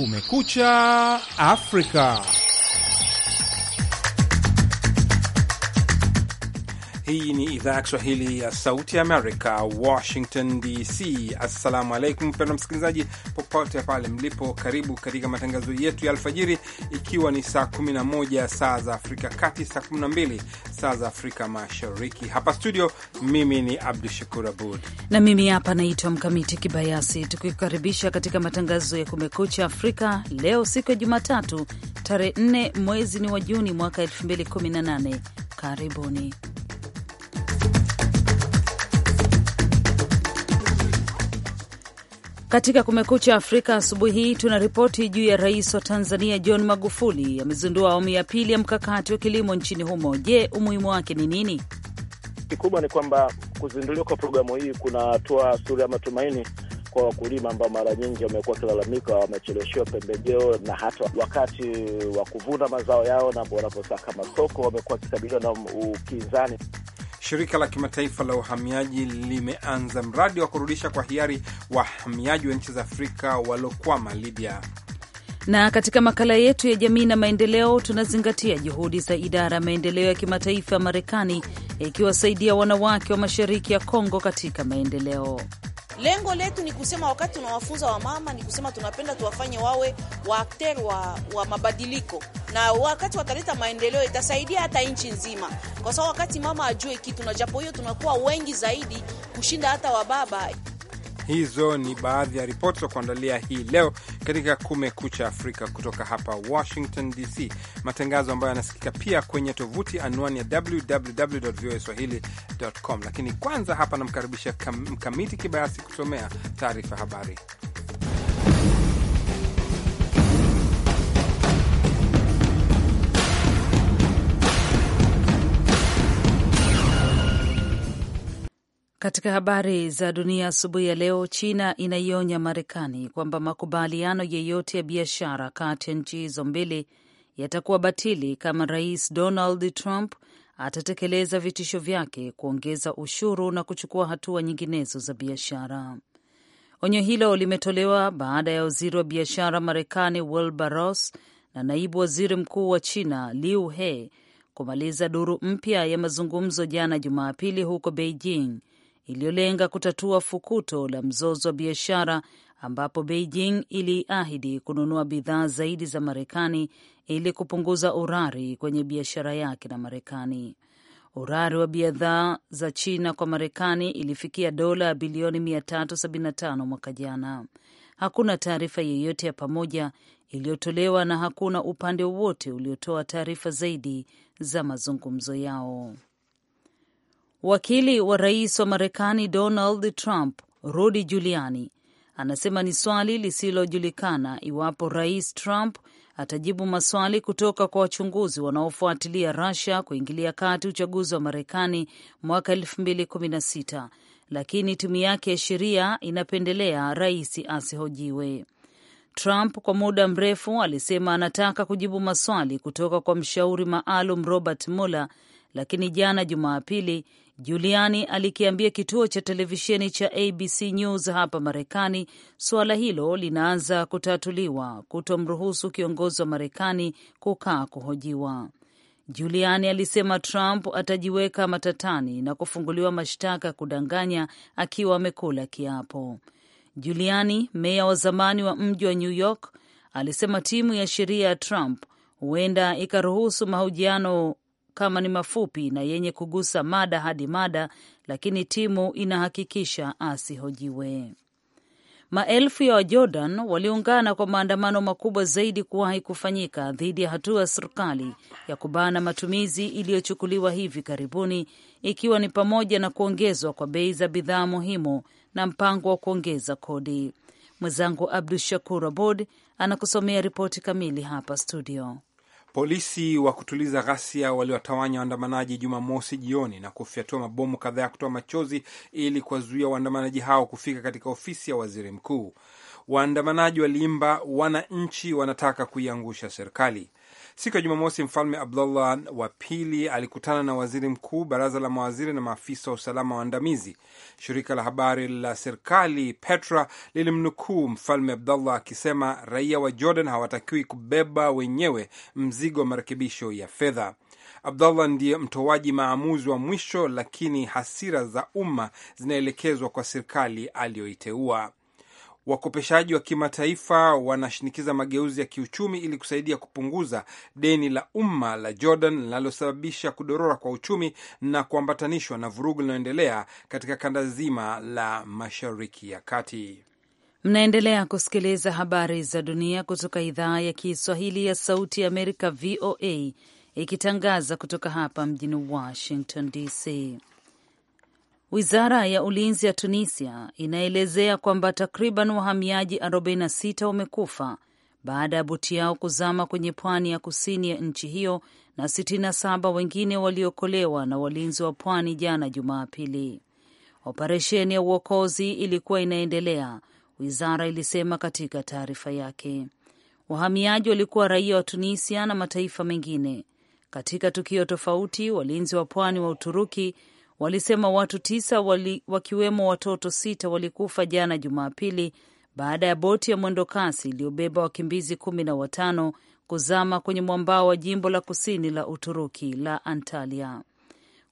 Kumekucha Afrika. Hii ni idhaa ya Kiswahili ya Sauti ya Amerika, Washington DC. Assalamu alaikum mpendwa msikilizaji, popote pale mlipo, karibu katika matangazo yetu ya alfajiri, ikiwa ni saa 11 saa za Afrika Kati, saa 12 saa za Afrika Mashariki. Hapa studio, mimi ni Abdu Shakur Abud na mimi hapa naitwa Mkamiti Kibayasi, tukikukaribisha katika matangazo ya Kumekucha Afrika leo, siku ya Jumatatu tarehe 4 mwezi ni wa Juni mwaka 2018. Karibuni. Katika Kumekucha Afrika asubuhi hii tuna ripoti juu ya rais wa Tanzania John Magufuli amezindua awamu ya pili ya mkakati wa kilimo nchini humo. Je, umuhimu wake ni nini? Kikubwa ni kwamba kuzinduliwa kwa programu hii kunatoa sura ya matumaini kwa wakulima ambao mara nyingi wamekuwa wakilalamika wamecheleshiwa pembejeo na hata wakati wa kuvuna mazao yao, na wanavyosaka masoko wamekuwa wakikabiliwa na upinzani. Shirika la kimataifa la uhamiaji limeanza mradi wa kurudisha kwa hiari wahamiaji wa nchi za Afrika waliokwama Libya. Na katika makala yetu ya jamii na maendeleo, tunazingatia juhudi za idara ya maendeleo ya kimataifa ya Marekani ikiwasaidia wanawake wa mashariki ya Kongo katika maendeleo. Lengo letu ni kusema, wakati tunawafunza wamama, ni kusema tunapenda tuwafanye wawe waakter wa, wa mabadiliko, na wakati wataleta maendeleo itasaidia hata nchi nzima, kwa sababu wakati mama ajue kitu, na japo hiyo tunakuwa wengi zaidi kushinda hata wababa. Hizo ni baadhi ya ripoti za kuandalia hii leo katika Kumekucha Afrika kutoka hapa Washington DC, matangazo ambayo yanasikika pia kwenye tovuti anwani ya www voa swahili.com. Lakini kwanza hapa namkaribisha Mkamiti Kibayasi kusomea taarifa habari. Katika habari za dunia asubuhi ya leo, China inaionya Marekani kwamba makubaliano yeyote ya biashara kati ya nchi hizo mbili yatakuwa batili kama Rais Donald Trump atatekeleza vitisho vyake, kuongeza ushuru na kuchukua hatua nyinginezo za biashara. Onyo hilo limetolewa baada ya waziri wa biashara Marekani Wilbur Ross na naibu waziri mkuu wa China Liu He kumaliza duru mpya ya mazungumzo jana Jumapili huko Beijing iliyolenga kutatua fukuto la mzozo wa biashara ambapo Beijing iliahidi kununua bidhaa zaidi za Marekani ili kupunguza urari kwenye biashara yake na Marekani. Urari wa bidhaa za China kwa Marekani ilifikia dola ya bilioni 375 mwaka jana. Hakuna taarifa yeyote ya pamoja iliyotolewa na hakuna upande wowote uliotoa taarifa zaidi za mazungumzo yao. Wakili wa rais wa Marekani Donald Trump Rudy Giuliani anasema ni swali lisilojulikana iwapo rais Trump atajibu maswali kutoka kwa wachunguzi wanaofuatilia Russia kuingilia kati uchaguzi wa Marekani mwaka 2016 lakini timu yake ya sheria inapendelea rais asihojiwe. Trump kwa muda mrefu alisema anataka kujibu maswali kutoka kwa mshauri maalum Robert Mueller, lakini jana Jumapili juliani alikiambia kituo cha televisheni cha ABC News hapa Marekani suala hilo linaanza kutatuliwa, kutomruhusu kiongozi wa Marekani kukaa kuhojiwa. juliani alisema Trump atajiweka matatani na kufunguliwa mashtaka ya kudanganya akiwa amekula kiapo. juliani meya wa zamani wa mji wa New York, alisema timu ya sheria ya Trump huenda ikaruhusu mahojiano kama ni mafupi na yenye kugusa mada hadi mada, lakini timu inahakikisha asihojiwe. Maelfu ya Wajordan waliungana kwa maandamano makubwa zaidi kuwahi kufanyika dhidi ya hatua ya serikali ya kubana matumizi iliyochukuliwa hivi karibuni, ikiwa ni pamoja na kuongezwa kwa bei za bidhaa muhimu na mpango wa kuongeza kodi. Mwenzangu Abdu Shakur Abod anakusomea ripoti kamili hapa studio. Polisi wa kutuliza ghasia waliwatawanya waandamanaji Jumamosi jioni na kufyatua mabomu kadhaa ya kutoa machozi ili kuwazuia waandamanaji hao kufika katika ofisi ya waziri mkuu. Waandamanaji waliimba wananchi wanataka kuiangusha serikali. Siku ya Jumamosi, Mfalme Abdullah wa Pili alikutana na waziri mkuu, baraza la mawaziri na maafisa wa usalama waandamizi. Shirika la habari la serikali Petra lilimnukuu Mfalme Abdullah akisema raia wa Jordan hawatakiwi kubeba wenyewe mzigo wa marekebisho ya fedha. Abdullah ndiye mtoaji maamuzi wa mwisho, lakini hasira za umma zinaelekezwa kwa serikali aliyoiteua. Wakopeshaji wa kimataifa wanashinikiza mageuzi ya kiuchumi ili kusaidia kupunguza deni la umma la Jordan linalosababisha kudorora kwa uchumi na kuambatanishwa na vurugu linaloendelea katika kanda zima la Mashariki ya Kati. Mnaendelea kusikiliza habari za dunia kutoka idhaa ya Kiswahili ya Sauti ya Amerika, VOA, ikitangaza kutoka hapa mjini Washington DC. Wizara ya ulinzi ya Tunisia inaelezea kwamba takriban wahamiaji 46 wamekufa baada ya boti yao kuzama kwenye pwani ya kusini ya nchi hiyo na 67 wengine waliokolewa na walinzi wa pwani jana Jumapili. Operesheni ya uokozi ilikuwa inaendelea, wizara ilisema katika taarifa yake. Wahamiaji walikuwa raia wa Tunisia na mataifa mengine. Katika tukio tofauti, walinzi wa pwani wa Uturuki walisema watu tisa wali, wakiwemo watoto sita walikufa jana Jumapili baada ya boti ya mwendo kasi iliyobeba wakimbizi kumi na watano kuzama kwenye mwambao wa jimbo la kusini la Uturuki la Antalya.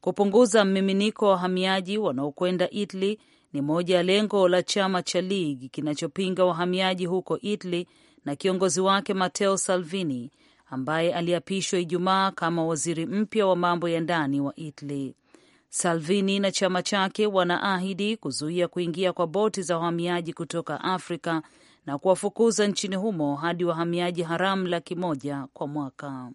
Kupunguza mmiminiko wa wahamiaji wanaokwenda Italy ni moja ya lengo la chama cha League kinachopinga wahamiaji huko Italy na kiongozi wake Matteo Salvini ambaye aliapishwa Ijumaa kama waziri mpya wa mambo ya ndani wa Italy. Salvini na chama chake wanaahidi kuzuia kuingia kwa boti za wahamiaji kutoka Afrika na kuwafukuza nchini humo hadi wahamiaji haramu laki moja kwa mwaka.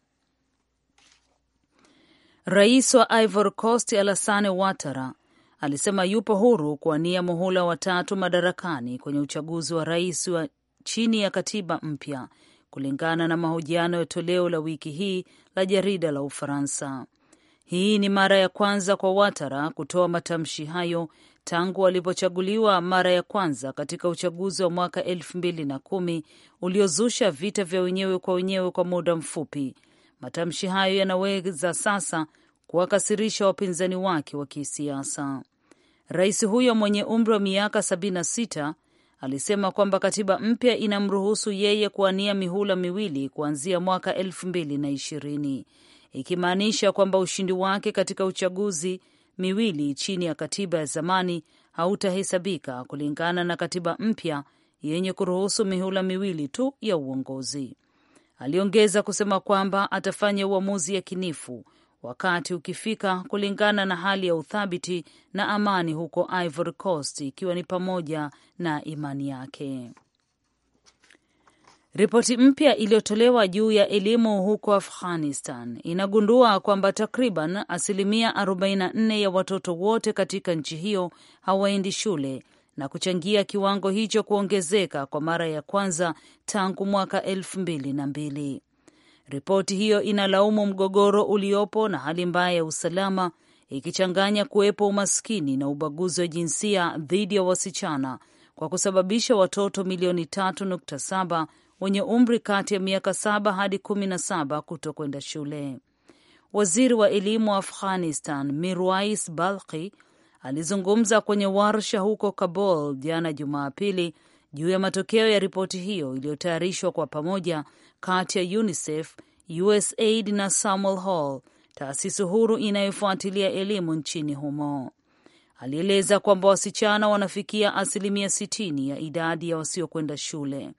Rais wa Ivory Coast Alassane Ouattara alisema yupo huru kuwania muhula watatu madarakani kwenye uchaguzi wa rais wa chini ya katiba mpya, kulingana na mahojiano ya toleo la wiki hii la jarida la Ufaransa. Hii ni mara ya kwanza kwa Watara kutoa matamshi hayo tangu walipochaguliwa mara ya kwanza katika uchaguzi wa mwaka elfu mbili na kumi uliozusha vita vya wenyewe kwa wenyewe kwa muda mfupi. Matamshi hayo yanaweza sasa kuwakasirisha wapinzani wake wa kisiasa. Rais huyo mwenye umri wa miaka 76 alisema kwamba katiba mpya inamruhusu yeye kuania mihula miwili kuanzia mwaka elfu mbili na ishirini ikimaanisha kwamba ushindi wake katika uchaguzi miwili chini ya katiba ya zamani hautahesabika kulingana na katiba mpya yenye kuruhusu mihula miwili tu ya uongozi. Aliongeza kusema kwamba atafanya uamuzi yakinifu wakati ukifika, kulingana na hali ya uthabiti na amani huko Ivory Coast, ikiwa ni pamoja na imani yake. Ripoti mpya iliyotolewa juu ya elimu huko Afghanistan inagundua kwamba takriban asilimia 44 ya watoto wote katika nchi hiyo hawaendi shule na kuchangia kiwango hicho kuongezeka kwa mara ya kwanza tangu mwaka elfu mbili na mbili. Ripoti hiyo inalaumu mgogoro uliopo na hali mbaya ya usalama ikichanganya kuwepo umaskini na ubaguzi wa jinsia dhidi ya wasichana kwa kusababisha watoto milioni 3.7 wenye umri kati ya miaka saba hadi kumi na saba kuto kwenda shule. Waziri wa elimu wa Afghanistan Mirwais balhi alizungumza kwenye warsha huko Kabul jana Jumapili juu ya matokeo ya ripoti hiyo iliyotayarishwa kwa pamoja kati ya UNICEF, USAID na Samuel Hall, taasisi huru inayofuatilia elimu nchini humo alieleza kwamba wasichana wanafikia asilimia 60 ya idadi ya wasiokwenda shule.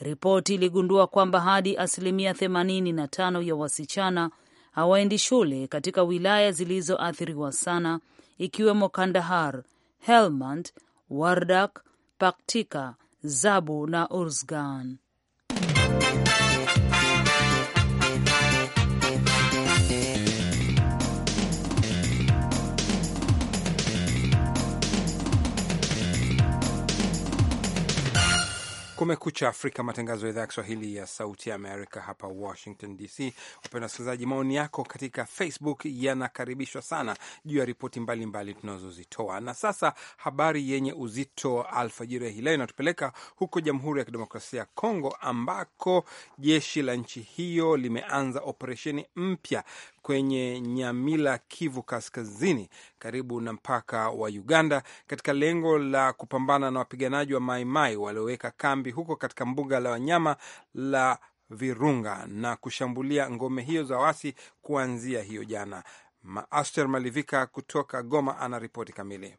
Ripoti iligundua kwamba hadi asilimia themanini na tano ya wasichana hawaendi shule katika wilaya zilizoathiriwa sana, ikiwemo Kandahar, Helmand, Wardak, Paktika, Zabu na Urzgan. Kumekucha Afrika, matangazo ya idhaa ya Kiswahili ya Sauti ya Amerika hapa Washington DC. Wapenda wasikilizaji, maoni yako katika Facebook yanakaribishwa sana juu ya ripoti mbalimbali tunazozitoa. Na sasa habari yenye uzito alfajiri ya hii leo inatupeleka huko Jamhuri ya Kidemokrasia ya Kongo, ambako jeshi la nchi hiyo limeanza operesheni mpya kwenye Nyamila, Kivu Kaskazini, karibu na mpaka wa Uganda, katika lengo la kupambana na wapiganaji wa Maimai walioweka kambi huko katika mbuga la wanyama la Virunga na kushambulia ngome hiyo za wasi kuanzia hiyo jana. Aster Malivika kutoka Goma ana ripoti kamili.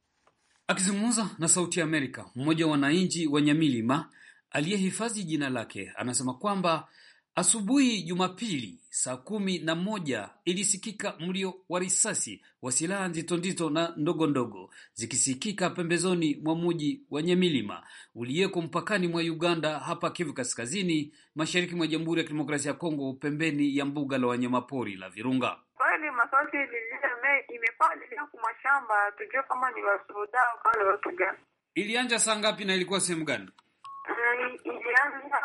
Akizungumza na Sauti ya Amerika, mmoja wa wananchi wa Nyamilima aliyehifadhi jina lake anasema kwamba Asubuhi Jumapili saa kumi na moja ilisikika mlio wa risasi wa silaha nzito nzito na ndogo ndogo zikisikika pembezoni mwa muji wa Nyemilima uliyeko mpakani mwa Uganda hapa Kivu Kaskazini, mashariki mwa Jamhuri ya Kidemokrasia ya Kongo, pembeni ya mbuga la wanyamapori la Virunga. masasi tujue kama ni wasuda watu gani. Ilianja saa ngapi na ilikuwa sehemu gani? Eh, Ilianja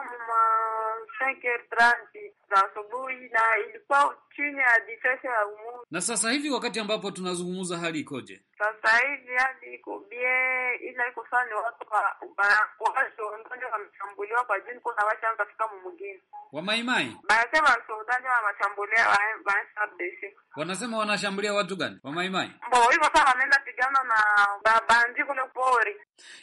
schenker, transi, za asubuhi na ilikuwa chini ya ya Na sasa hivi wakati ambapo tunazungumza hali ikoje? Sasa hivi hali iko bie, ila iko sana ni watu wasoudani wameshambuliwa kwa jini, kuna fika wa maimai wasoudani wameshambulia wanasema wanashambulia watu gani? Wa maimai mbo hivyo sasa pigana na babandi kule pori.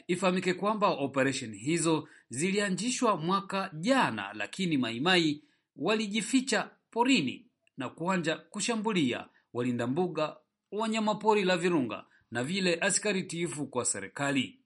Ifahamike kwamba operesheni hizo zilianzishwa mwaka jana, lakini maimai walijificha porini na kuanza kushambulia walinda mbuga wanyamapori la Virunga na vile askari tiifu kwa serikali.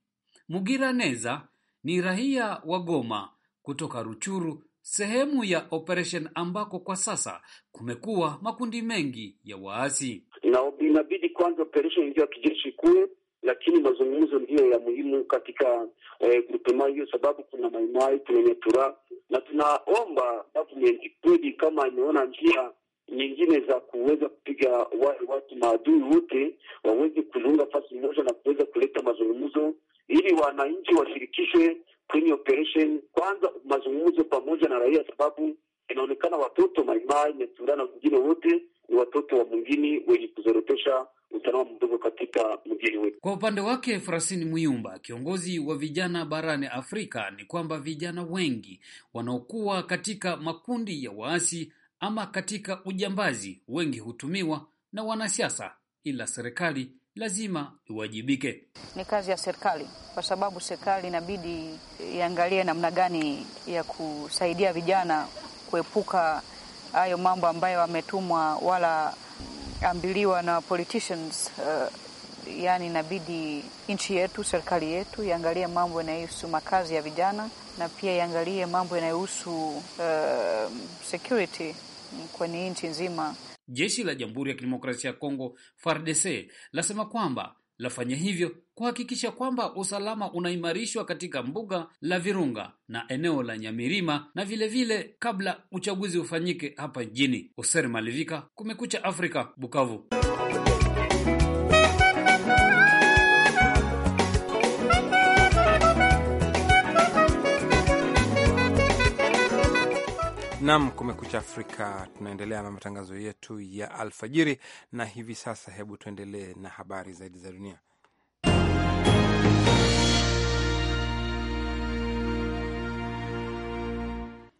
Mugira Neza ni raia wa Goma kutoka Ruchuru, sehemu ya operation ambako kwa sasa kumekuwa makundi mengi ya waasi. Na inabidi kwanza operation ya kijeshi kuwe lakini mazungumzo ndiyo ya muhimu katika eh, grupema hiyo, sababu kuna maimai, kuna nyatura na tunaomba government kweli, kama imeona njia nyingine za kuweza kupiga wale watu maadui wote waweze kuziunga fasi moja na kuweza kuleta mazungumzo, ili wananchi washirikishwe kwenye operation. Kwanza mazungumzo pamoja na raia, sababu inaonekana watoto maimai, nyatura na wengine wote ni watoto wa mwingine wenye kuzorotesha usalama mdogo katika mjini wetu. Kwa upande wake, Frasini Muyumba, kiongozi wa vijana barani Afrika, ni kwamba vijana wengi wanaokuwa katika makundi ya waasi ama katika ujambazi, wengi hutumiwa na wanasiasa, ila serikali lazima iwajibike. Ni kazi ya serikali, kwa sababu serikali inabidi iangalie namna gani ya kusaidia vijana kuepuka hayo mambo ambayo wametumwa wala ambiliwa na politicians uh, yani inabidi nchi yetu, serikali yetu iangalie mambo yanayohusu makazi ya vijana na pia iangalie mambo yanayohusu uh, security kwenye nchi nzima. Jeshi la Jamhuri ya Kidemokrasia ya Kongo FARDC lasema kwamba lafanya hivyo kuhakikisha kwamba usalama unaimarishwa katika mbuga la Virunga na eneo la Nyamirima na vilevile vile kabla uchaguzi ufanyike hapa nchini. Oser Malivika, Kumekucha Afrika, Bukavu. Nam kumekucha Afrika, tunaendelea na matangazo yetu ya alfajiri, na hivi sasa, hebu tuendelee na habari zaidi za dunia.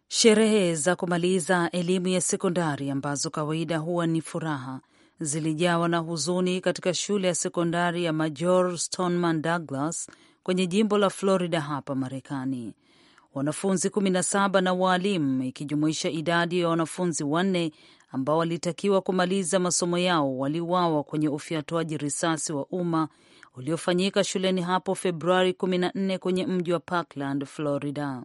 Sherehe za kumaliza elimu ya sekondari ambazo kawaida huwa ni furaha zilijawa na huzuni katika shule ya sekondari ya Major Stoneman Douglas kwenye jimbo la Florida hapa Marekani wanafunzi 17 na waalimu, ikijumuisha idadi ya wanafunzi wanne ambao walitakiwa kumaliza masomo yao waliuawa kwenye ufyatuaji risasi wa umma uliofanyika shuleni hapo Februari 14 kwenye mji wa Parkland, Florida.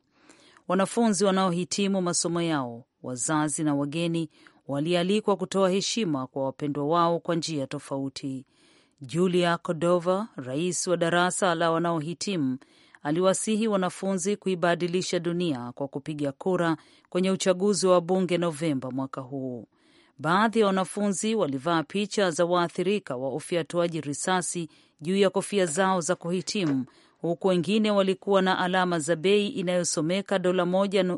Wanafunzi wanaohitimu masomo yao, wazazi na wageni walialikwa kutoa heshima kwa wapendwa wao kwa njia tofauti. Julia kodova rais wa darasa la wanaohitimu, aliwasihi wanafunzi kuibadilisha dunia kwa kupiga kura kwenye uchaguzi wa bunge Novemba mwaka huu. Baadhi ya wanafunzi walivaa picha za waathirika wa ufyatuaji risasi juu ya kofia zao za kuhitimu, huku wengine walikuwa na alama za bei inayosomeka dola moja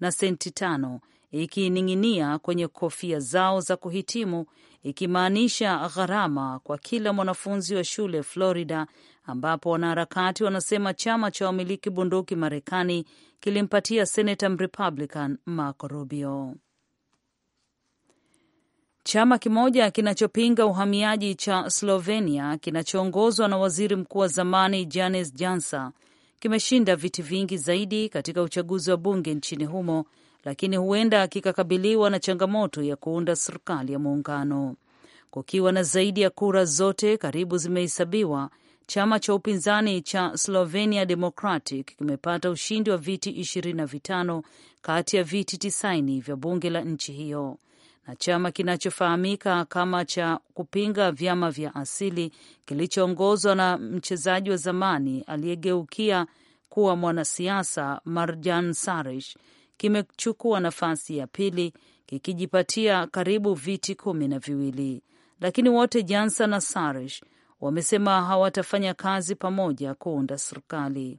na senti tano ikining'inia kwenye kofia zao za kuhitimu, ikimaanisha gharama kwa kila mwanafunzi wa shule Florida ambapo wanaharakati wanasema chama cha wamiliki bunduki Marekani kilimpatia senata Mrepublican Marco Rubio. Chama kimoja kinachopinga uhamiaji cha Slovenia kinachoongozwa na waziri mkuu wa zamani Janez jansa kimeshinda viti vingi zaidi katika uchaguzi wa bunge nchini humo, lakini huenda kikakabiliwa na changamoto ya kuunda serikali ya muungano kukiwa na zaidi ya kura zote karibu zimehesabiwa. Chama cha upinzani cha Slovenia Democratic kimepata ushindi wa viti ishirini na vitano kati ya viti tisaini vya bunge la nchi hiyo na chama kinachofahamika kama cha kupinga vyama vya asili kilichoongozwa na mchezaji wa zamani aliyegeukia kuwa mwanasiasa Marjan Sarish kimechukua nafasi ya pili kikijipatia karibu viti kumi na viwili, lakini wote Jansa na Sarish wamesema hawatafanya kazi pamoja kuunda serikali.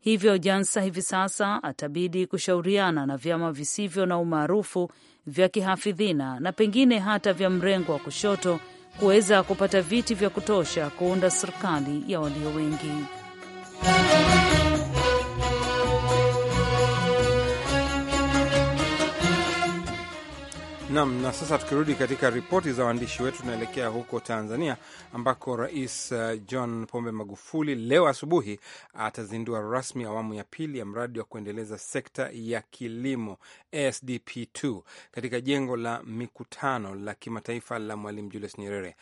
Hivyo Jansa hivi sasa atabidi kushauriana na vyama visivyo na umaarufu vya kihafidhina na pengine hata vya mrengo wa kushoto kuweza kupata viti vya kutosha kuunda serikali ya walio wengi. Nam. Na sasa tukirudi katika ripoti za waandishi wetu, tunaelekea huko Tanzania ambako Rais uh, John Pombe Magufuli leo asubuhi atazindua rasmi awamu ya pili ya mradi wa kuendeleza sekta ya kilimo SDP2 katika jengo la mikutano la kimataifa la Mwalimu Julius Nyerere.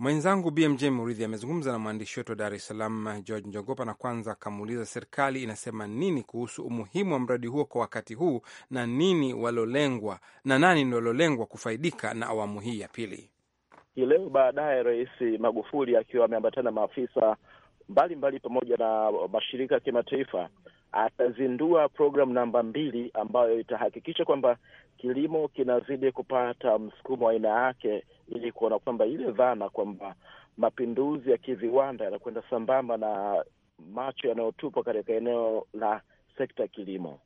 Mwenzangu BMJ Muridhi amezungumza na mwandishi wetu wa Dar es Salaam, George Njogopa, na kwanza akamuuliza serikali inasema nini kuhusu umuhimu wa mradi huo kwa wakati huu na nini walolengwa na nani walolengwa kufaidika na awamu hii ya pili. Hii leo baadaye, Rais Magufuli akiwa ameambatana na maafisa mbalimbali pamoja na mashirika ya kimataifa atazindua programu namba mbili ambayo itahakikisha kwamba kilimo kinazidi kupata msukumo wa aina yake, ili kuona kwamba ile dhana kwamba mapinduzi ya kiviwanda yanakwenda sambamba na macho yanayotupwa katika eneo la sekta ya kilimo.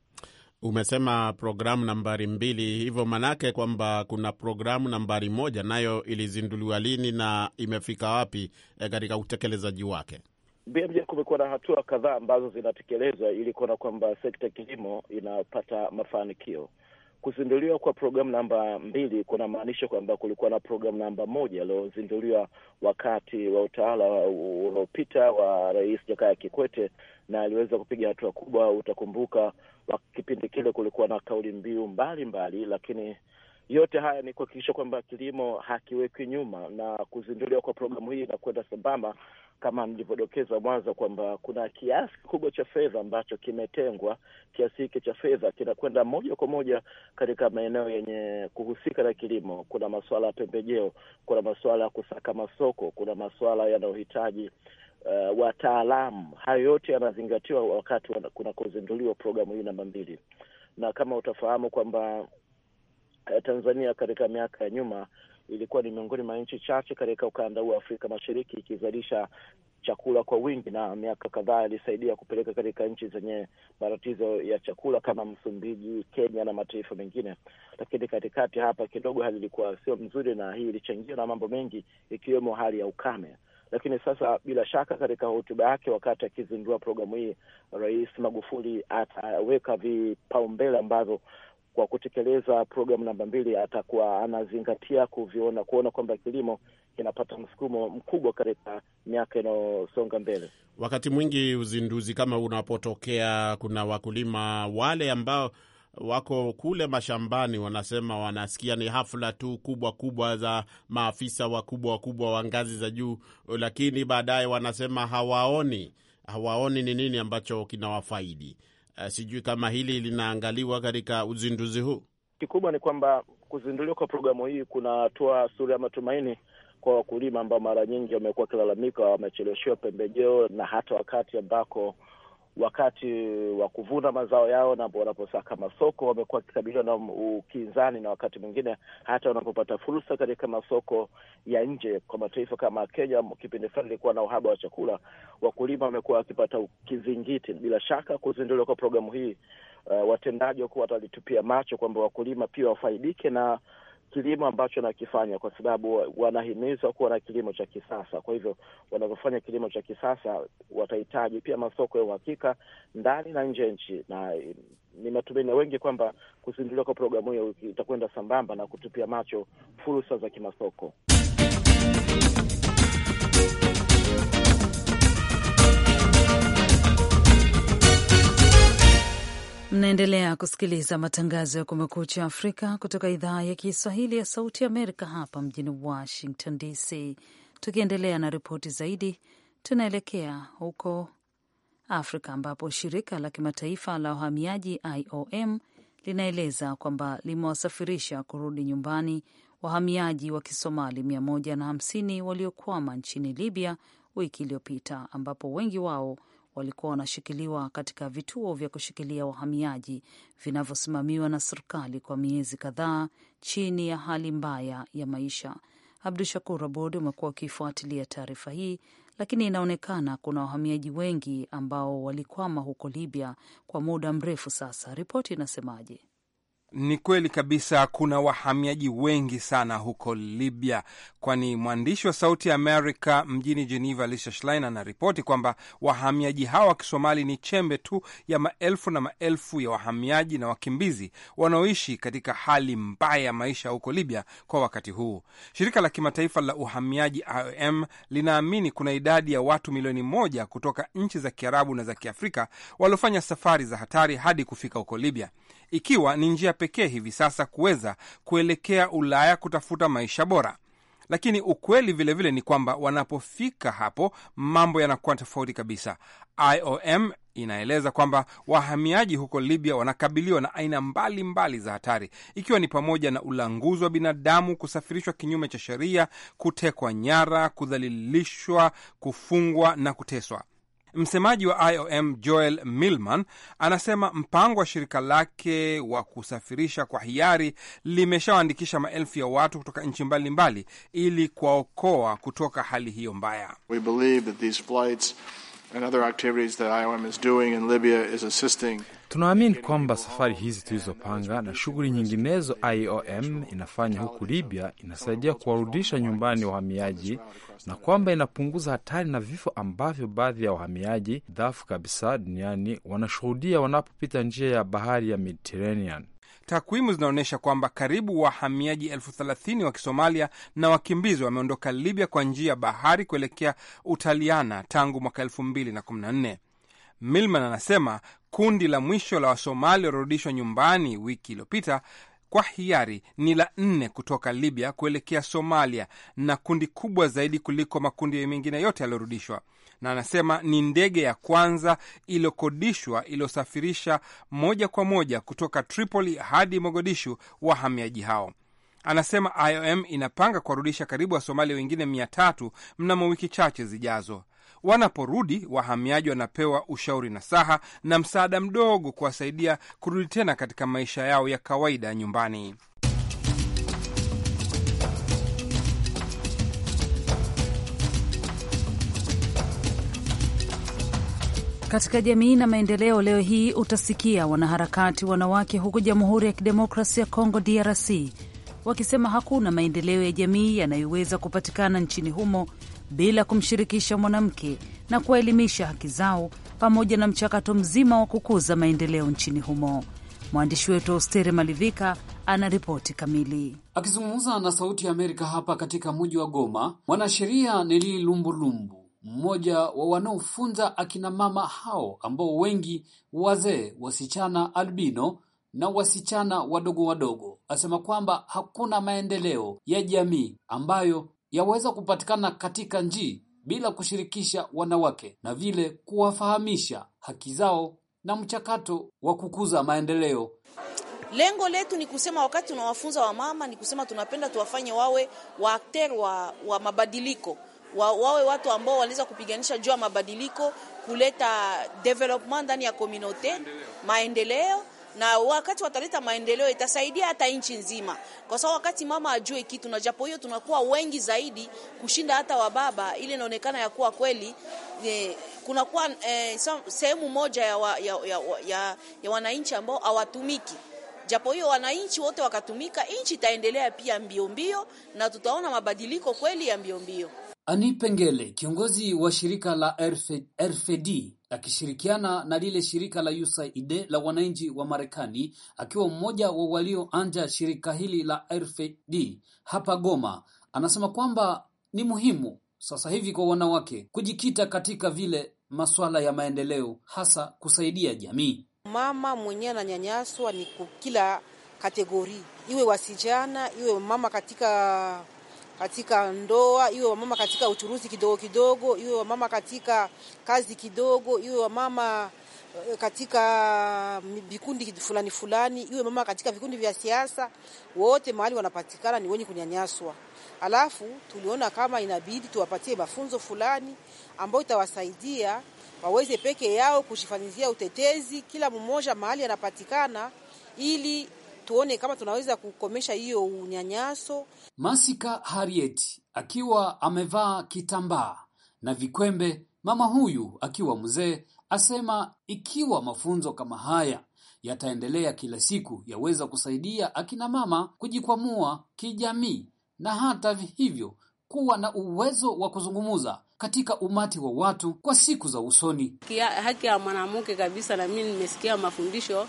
Umesema programu nambari mbili, hivyo manake kwamba kuna programu nambari moja, nayo ilizinduliwa lini na imefika wapi eh, katika utekelezaji wake? BMJ, kumekuwa na hatua kadhaa ambazo zinatekelezwa ili kuona kwamba sekta ya kilimo inapata mafanikio. Kuzinduliwa kwa programu namba mbili kunamaanisha kwamba kulikuwa na programu namba moja iliyozinduliwa wakati wa utawala uliopita wa Rais Jakaya Kikwete na aliweza kupiga hatua kubwa. Utakumbuka kipindi kile kulikuwa na kauli mbiu mbalimbali, lakini yote haya ni kuhakikisha kwamba kilimo hakiwekwi nyuma, na kuzinduliwa kwa programu hii inakwenda sambamba kama mlivyodokeza mwanzo kwamba kuna kiasi kikubwa cha fedha ambacho kimetengwa. Kiasi hiki cha fedha kinakwenda moja kwa moja katika maeneo yenye kuhusika na kilimo. Kuna masuala ya pembejeo, kuna masuala ya kusaka masoko, kuna masuala yanayohitaji uh, wataalamu. Hayo yote yanazingatiwa wakati kunakozinduliwa programu hii namba mbili, na kama utafahamu kwamba uh, Tanzania katika miaka ya nyuma ilikuwa ni miongoni mwa nchi chache katika ukanda huu wa Afrika Mashariki ikizalisha chakula kwa wingi, na miaka kadhaa ilisaidia kupeleka katika nchi zenye matatizo ya chakula kama Msumbiji, Kenya na mataifa mengine. Lakini katikati hapa kidogo hali ilikuwa sio mzuri, na hii ilichangiwa na mambo mengi ikiwemo hali ya ukame. Lakini sasa bila shaka, katika hotuba yake wakati akizindua programu hii, Rais Magufuli ataweka vipaumbele ambavyo kwa kutekeleza programu namba mbili atakuwa anazingatia kuviona kuona kwamba kilimo kinapata msukumo mkubwa katika miaka inayosonga mbele. Wakati mwingi uzinduzi kama unapotokea, kuna wakulima wale ambao wako kule mashambani wanasema wanasikia ni hafla tu kubwa kubwa za maafisa wakubwa wakubwa wa ngazi za juu, lakini baadaye wanasema hawaoni hawaoni ni nini ambacho kinawafaidi. Uh, sijui kama hili linaangaliwa katika uzinduzi huu. Kikubwa ni kwamba kuzinduliwa kwa programu hii kunatoa sura ya matumaini kwa wakulima ambao mara nyingi wamekuwa wakilalamika wamecheleshiwa pembejeo na hata wakati ambako wakati wa kuvuna mazao yao na wanaposaka masoko, wamekuwa wakikabiliwa na ukinzani, na wakati mwingine hata wanapopata fursa katika masoko ya nje. Kwa mataifa kama Kenya, kipindi fulani ilikuwa na uhaba wa chakula, wakulima wamekuwa wakipata kizingiti. Bila shaka kuzinduliwa kwa programu hii, uh, watendaji wakuwa watalitupia macho kwamba wakulima pia wafaidike na kilimo ambacho nakifanya, kwa sababu wanahimizwa kuwa na kilimo cha kisasa. Kwa hivyo wanavyofanya kilimo cha kisasa, watahitaji pia masoko ya uhakika ndani na nje ya nchi, na ni matumaini wengi kwamba kuzinduliwa kwa programu hiyo itakwenda sambamba na kutupia macho fursa za kimasoko. Mnaendelea kusikiliza matangazo ya Kumekucha Afrika kutoka idhaa ya Kiswahili ya Sauti Amerika hapa mjini Washington DC. Tukiendelea na ripoti zaidi, tunaelekea huko Afrika ambapo shirika la kimataifa la wahamiaji IOM linaeleza kwamba limewasafirisha kurudi nyumbani wahamiaji wa Kisomali 150 waliokwama nchini Libya wiki iliyopita ambapo wengi wao walikuwa wanashikiliwa katika vituo vya kushikilia wahamiaji vinavyosimamiwa na serikali kwa miezi kadhaa chini ya hali mbaya ya maisha. Abdu Shakur Abod umekuwa ukifuatilia taarifa hii, lakini inaonekana kuna wahamiaji wengi ambao walikwama huko Libya kwa muda mrefu sasa. Ripoti inasemaje? Ni kweli kabisa, kuna wahamiaji wengi sana huko Libya, kwani mwandishi wa Sauti ya Amerika mjini Geneva, Lisha Schlein, anaripoti kwamba wahamiaji hawa wa Kisomali ni chembe tu ya maelfu na maelfu ya wahamiaji na wakimbizi wanaoishi katika hali mbaya ya maisha huko Libya kwa wakati huu. Shirika la kimataifa la uhamiaji IOM linaamini kuna idadi ya watu milioni moja kutoka nchi za Kiarabu na za Kiafrika waliofanya safari za hatari hadi kufika huko Libya ikiwa ni njia pekee hivi sasa kuweza kuelekea Ulaya kutafuta maisha bora. Lakini ukweli vilevile vile ni kwamba wanapofika hapo mambo yanakuwa tofauti kabisa. IOM inaeleza kwamba wahamiaji huko Libya wanakabiliwa na aina mbalimbali mbali za hatari, ikiwa ni pamoja na ulanguzi wa binadamu, kusafirishwa kinyume cha sheria, kutekwa nyara, kudhalilishwa, kufungwa na kuteswa. Msemaji wa IOM Joel Milman anasema mpango wa shirika lake wa kusafirisha kwa hiari limeshawaandikisha maelfu ya watu kutoka nchi mbalimbali ili kuwaokoa kutoka hali hiyo mbaya. We Tunaamini kwamba safari hizi tulizopanga na shughuli nyinginezo IOM inafanya huku Libya inasaidia kuwarudisha nyumbani wahamiaji na kwamba inapunguza hatari na vifo ambavyo baadhi ya wahamiaji dhaifu kabisa duniani wanashuhudia wanapopita njia ya bahari ya Mediterranean. Takwimu zinaonyesha kwamba karibu wahamiaji elfu thelathini wa Kisomalia na wakimbizi wameondoka Libya kwa njia ya bahari kuelekea Utaliana tangu mwaka elfu mbili na kumi na nne. Milman anasema kundi la mwisho la Wasomali waliorudishwa nyumbani wiki iliyopita kwa hiari ni la nne kutoka Libya kuelekea Somalia na kundi kubwa zaidi kuliko makundi mengine yote yaliyorudishwa na anasema ni ndege ya kwanza iliyokodishwa iliyosafirisha moja kwa moja kutoka Tripoli hadi Mogadishu wahamiaji hao. Anasema IOM inapanga kuwarudisha karibu Wasomalia wengine mia tatu mnamo wiki chache zijazo. Wanaporudi wahamiaji wanapewa ushauri na saha na msaada mdogo kuwasaidia kurudi tena katika maisha yao ya kawaida nyumbani. Katika jamii na maendeleo, leo hii utasikia wanaharakati wanawake huko Jamhuri ya Kidemokrasia ya Kongo DRC wakisema hakuna maendeleo ya jamii yanayoweza kupatikana nchini humo bila kumshirikisha mwanamke na kuwaelimisha haki zao pamoja na mchakato mzima wa kukuza maendeleo nchini humo. Mwandishi wetu Austere Malivika ana ripoti kamili. Akizungumza na Sauti ya Amerika hapa katika mji wa Goma, mwanasheria Neli Lumbulumbu mmoja wa wanaofunza akina mama hao ambao wengi wazee, wasichana albino na wasichana wadogo wadogo, asema kwamba hakuna maendeleo ya jamii ambayo yaweza kupatikana katika njii bila kushirikisha wanawake na vile kuwafahamisha haki zao na mchakato wa kukuza maendeleo. Lengo letu ni kusema, wakati tunawafunza wamama, ni kusema tunapenda tuwafanye wawe waakter wa, wa mabadiliko wa, wawe watu ambao wanaweza kupiganisha juu ya mabadiliko, kuleta development ndani ya komunote, maendeleo na wakati wataleta maendeleo itasaidia hata nchi nzima, kwa sababu wakati mama ajue kitu, na japo hiyo tunakuwa wengi zaidi kushinda hata wababa, ile inaonekana ya kuwa kweli e, kunakuwa e, sehemu moja ya, wa, ya, ya, ya, ya wananchi ambao hawatumiki. Japo hiyo wananchi wote wakatumika, nchi itaendelea pia mbio mbio, na tutaona mabadiliko kweli ya mbio mbio ani Pengele kiongozi wa shirika la RFD akishirikiana na lile shirika la USAID la wananchi wa Marekani akiwa mmoja wa walioanja shirika hili la RFD hapa Goma anasema kwamba ni muhimu sasa hivi kwa wanawake kujikita katika vile masuala ya maendeleo hasa kusaidia jamii. Mama mwenyewe ananyanyaswa ni kila kategori, iwe wasijana, iwe mama katika katika ndoa, iwe wamama katika uchuruzi kidogo kidogo, iwe wamama katika kazi kidogo, iwe wamama eh, katika mm, vikundi fulani fulani, iwe mama katika vikundi vya siasa, wote mahali wanapatikana ni wenye kunyanyaswa. Alafu tuliona kama inabidi tuwapatie mafunzo fulani ambayo itawasaidia waweze peke yao kushifanyizia utetezi, kila mmoja mahali anapatikana, ili tuone kama tunaweza kukomesha hiyo unyanyaso. Masika Harriet akiwa amevaa kitambaa na vikwembe, mama huyu akiwa mzee asema ikiwa mafunzo kama haya yataendelea kila siku, yaweza kusaidia akina mama kujikwamua kijamii na hata hivyo kuwa na uwezo wa kuzungumza katika umati wa watu kwa siku za usoni. haki ya mwanamke kabisa, na mimi nimesikia mafundisho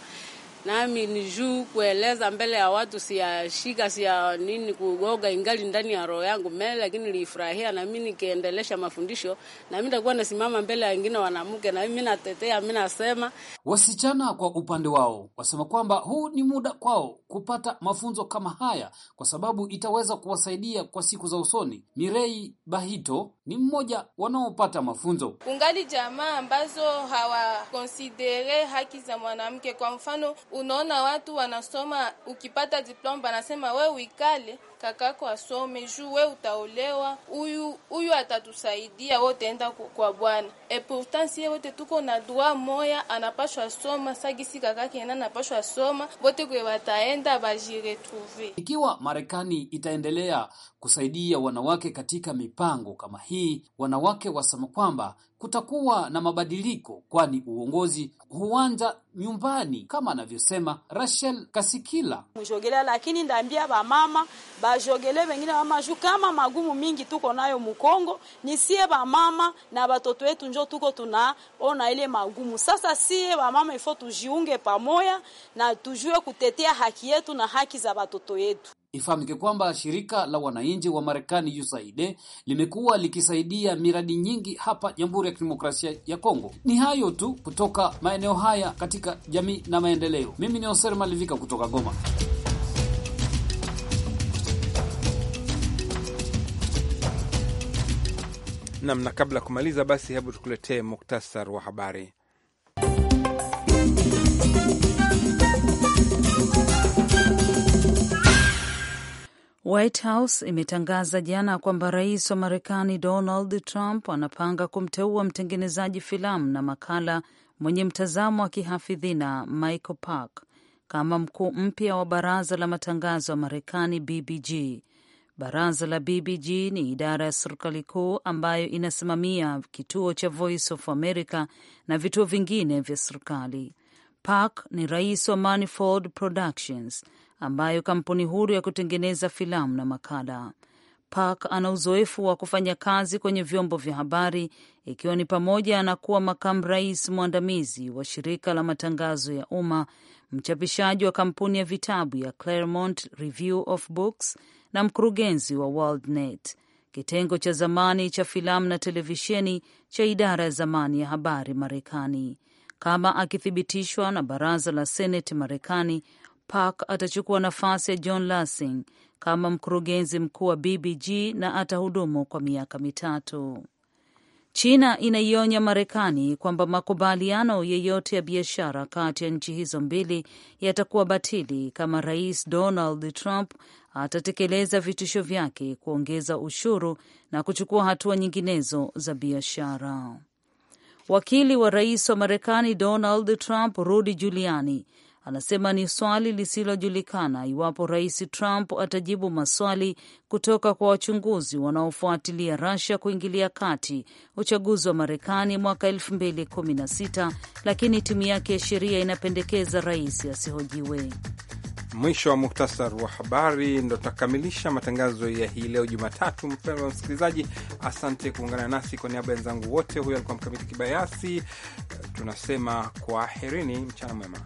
nami ni juu kueleza mbele ya watu, siyashika siya nini kugoga, ingali ndani ya roho yangu mele, lakini nilifurahia nami nikiendelesha mafundisho, na mimi nitakuwa nasimama mbele ya wengine wanamke, na mimi natetea, mimi nasema. Wasichana kwa upande wao wasema kwamba huu ni muda kwao kupata mafunzo kama haya, kwa sababu itaweza kuwasaidia kwa siku za usoni. Mirei Bahito ni mmoja wanaopata mafunzo. Kungali jamaa ambazo hawakonsidere haki za mwanamke, kwa mfano Unaona watu wanasoma, ukipata diploma wanasema we uikale kakako asome juu we utaolewa, huyu huyu atatusaidia, we utaenda kwa Bwana. E, pourtant sie wote tuko na dua moya, anapashwa soma sagisi kakake ena anapashwa soma, wote kwe wataenda bajiretrouve. Ikiwa Marekani itaendelea kusaidia wanawake katika mipango kama hii, wanawake wasema kwamba kutakuwa na mabadiliko, kwani uongozi huanza nyumbani, kama anavyosema Rachel Kasikila mjogelea. Lakini ndaambia bamama bajogele bengine bamaju, kama magumu mingi tuko nayo Mukongo, ni sie bamama na watoto wetu njo tuko tunaona ile magumu. Sasa sie bamama ifo tujiunge pamoya na tujue kutetea haki yetu na haki za watoto yetu. Ifahamike kwamba shirika la wananchi wa Marekani USAID limekuwa likisaidia miradi nyingi hapa Jamhuri ya Kidemokrasia ya Kongo. Ni hayo tu kutoka maeneo haya katika jamii na maendeleo. Mimi ni Hoser Malivika kutoka Goma. Nam, na kabla ya kumaliza basi, hebu tukuletee muktasar wa habari. White House imetangaza jana kwamba rais wa Marekani Donald Trump anapanga kumteua mtengenezaji filamu na makala mwenye mtazamo wa kihafidhina Michael Park kama mkuu mpya wa baraza la matangazo ya Marekani, BBG. Baraza la BBG ni idara ya serikali kuu ambayo inasimamia kituo cha Voice of America na vituo vingine vya serikali. Park ni rais wa Manifold Productions ambayo kampuni huru ya kutengeneza filamu na makala. Park ana uzoefu wa kufanya kazi kwenye vyombo vya habari ikiwa ni pamoja na kuwa makamu rais mwandamizi wa shirika la matangazo ya umma, mchapishaji wa kampuni ya vitabu ya Claremont Review of Books na mkurugenzi wa WorldNet, kitengo cha zamani cha filamu na televisheni cha idara ya zamani ya habari Marekani. Kama akithibitishwa na baraza la seneti Marekani, Park atachukua nafasi ya John Lansing kama mkurugenzi mkuu wa BBG na atahudumu kwa miaka mitatu. China inaionya Marekani kwamba makubaliano yeyote ya biashara kati ya nchi hizo mbili yatakuwa batili kama Rais Donald Trump atatekeleza vitisho vyake, kuongeza ushuru na kuchukua hatua nyinginezo za biashara. Wakili wa rais wa Marekani Donald Trump Rudy Giuliani Anasema ni swali lisilojulikana iwapo Rais Trump atajibu maswali kutoka kwa wachunguzi wanaofuatilia Russia kuingilia kati uchaguzi wa Marekani mwaka 2016, lakini timu yake ya sheria inapendekeza rais asihojiwe. Mwisho wa muhtasari wa habari ndo tutakamilisha matangazo ya hii leo Jumatatu. Mpendwa msikilizaji, asante kuungana nasi. Kwa niaba ya wenzangu wote, huyo alikuwa Mkamiti Kibayasi, tunasema kwaherini, mchana mwema.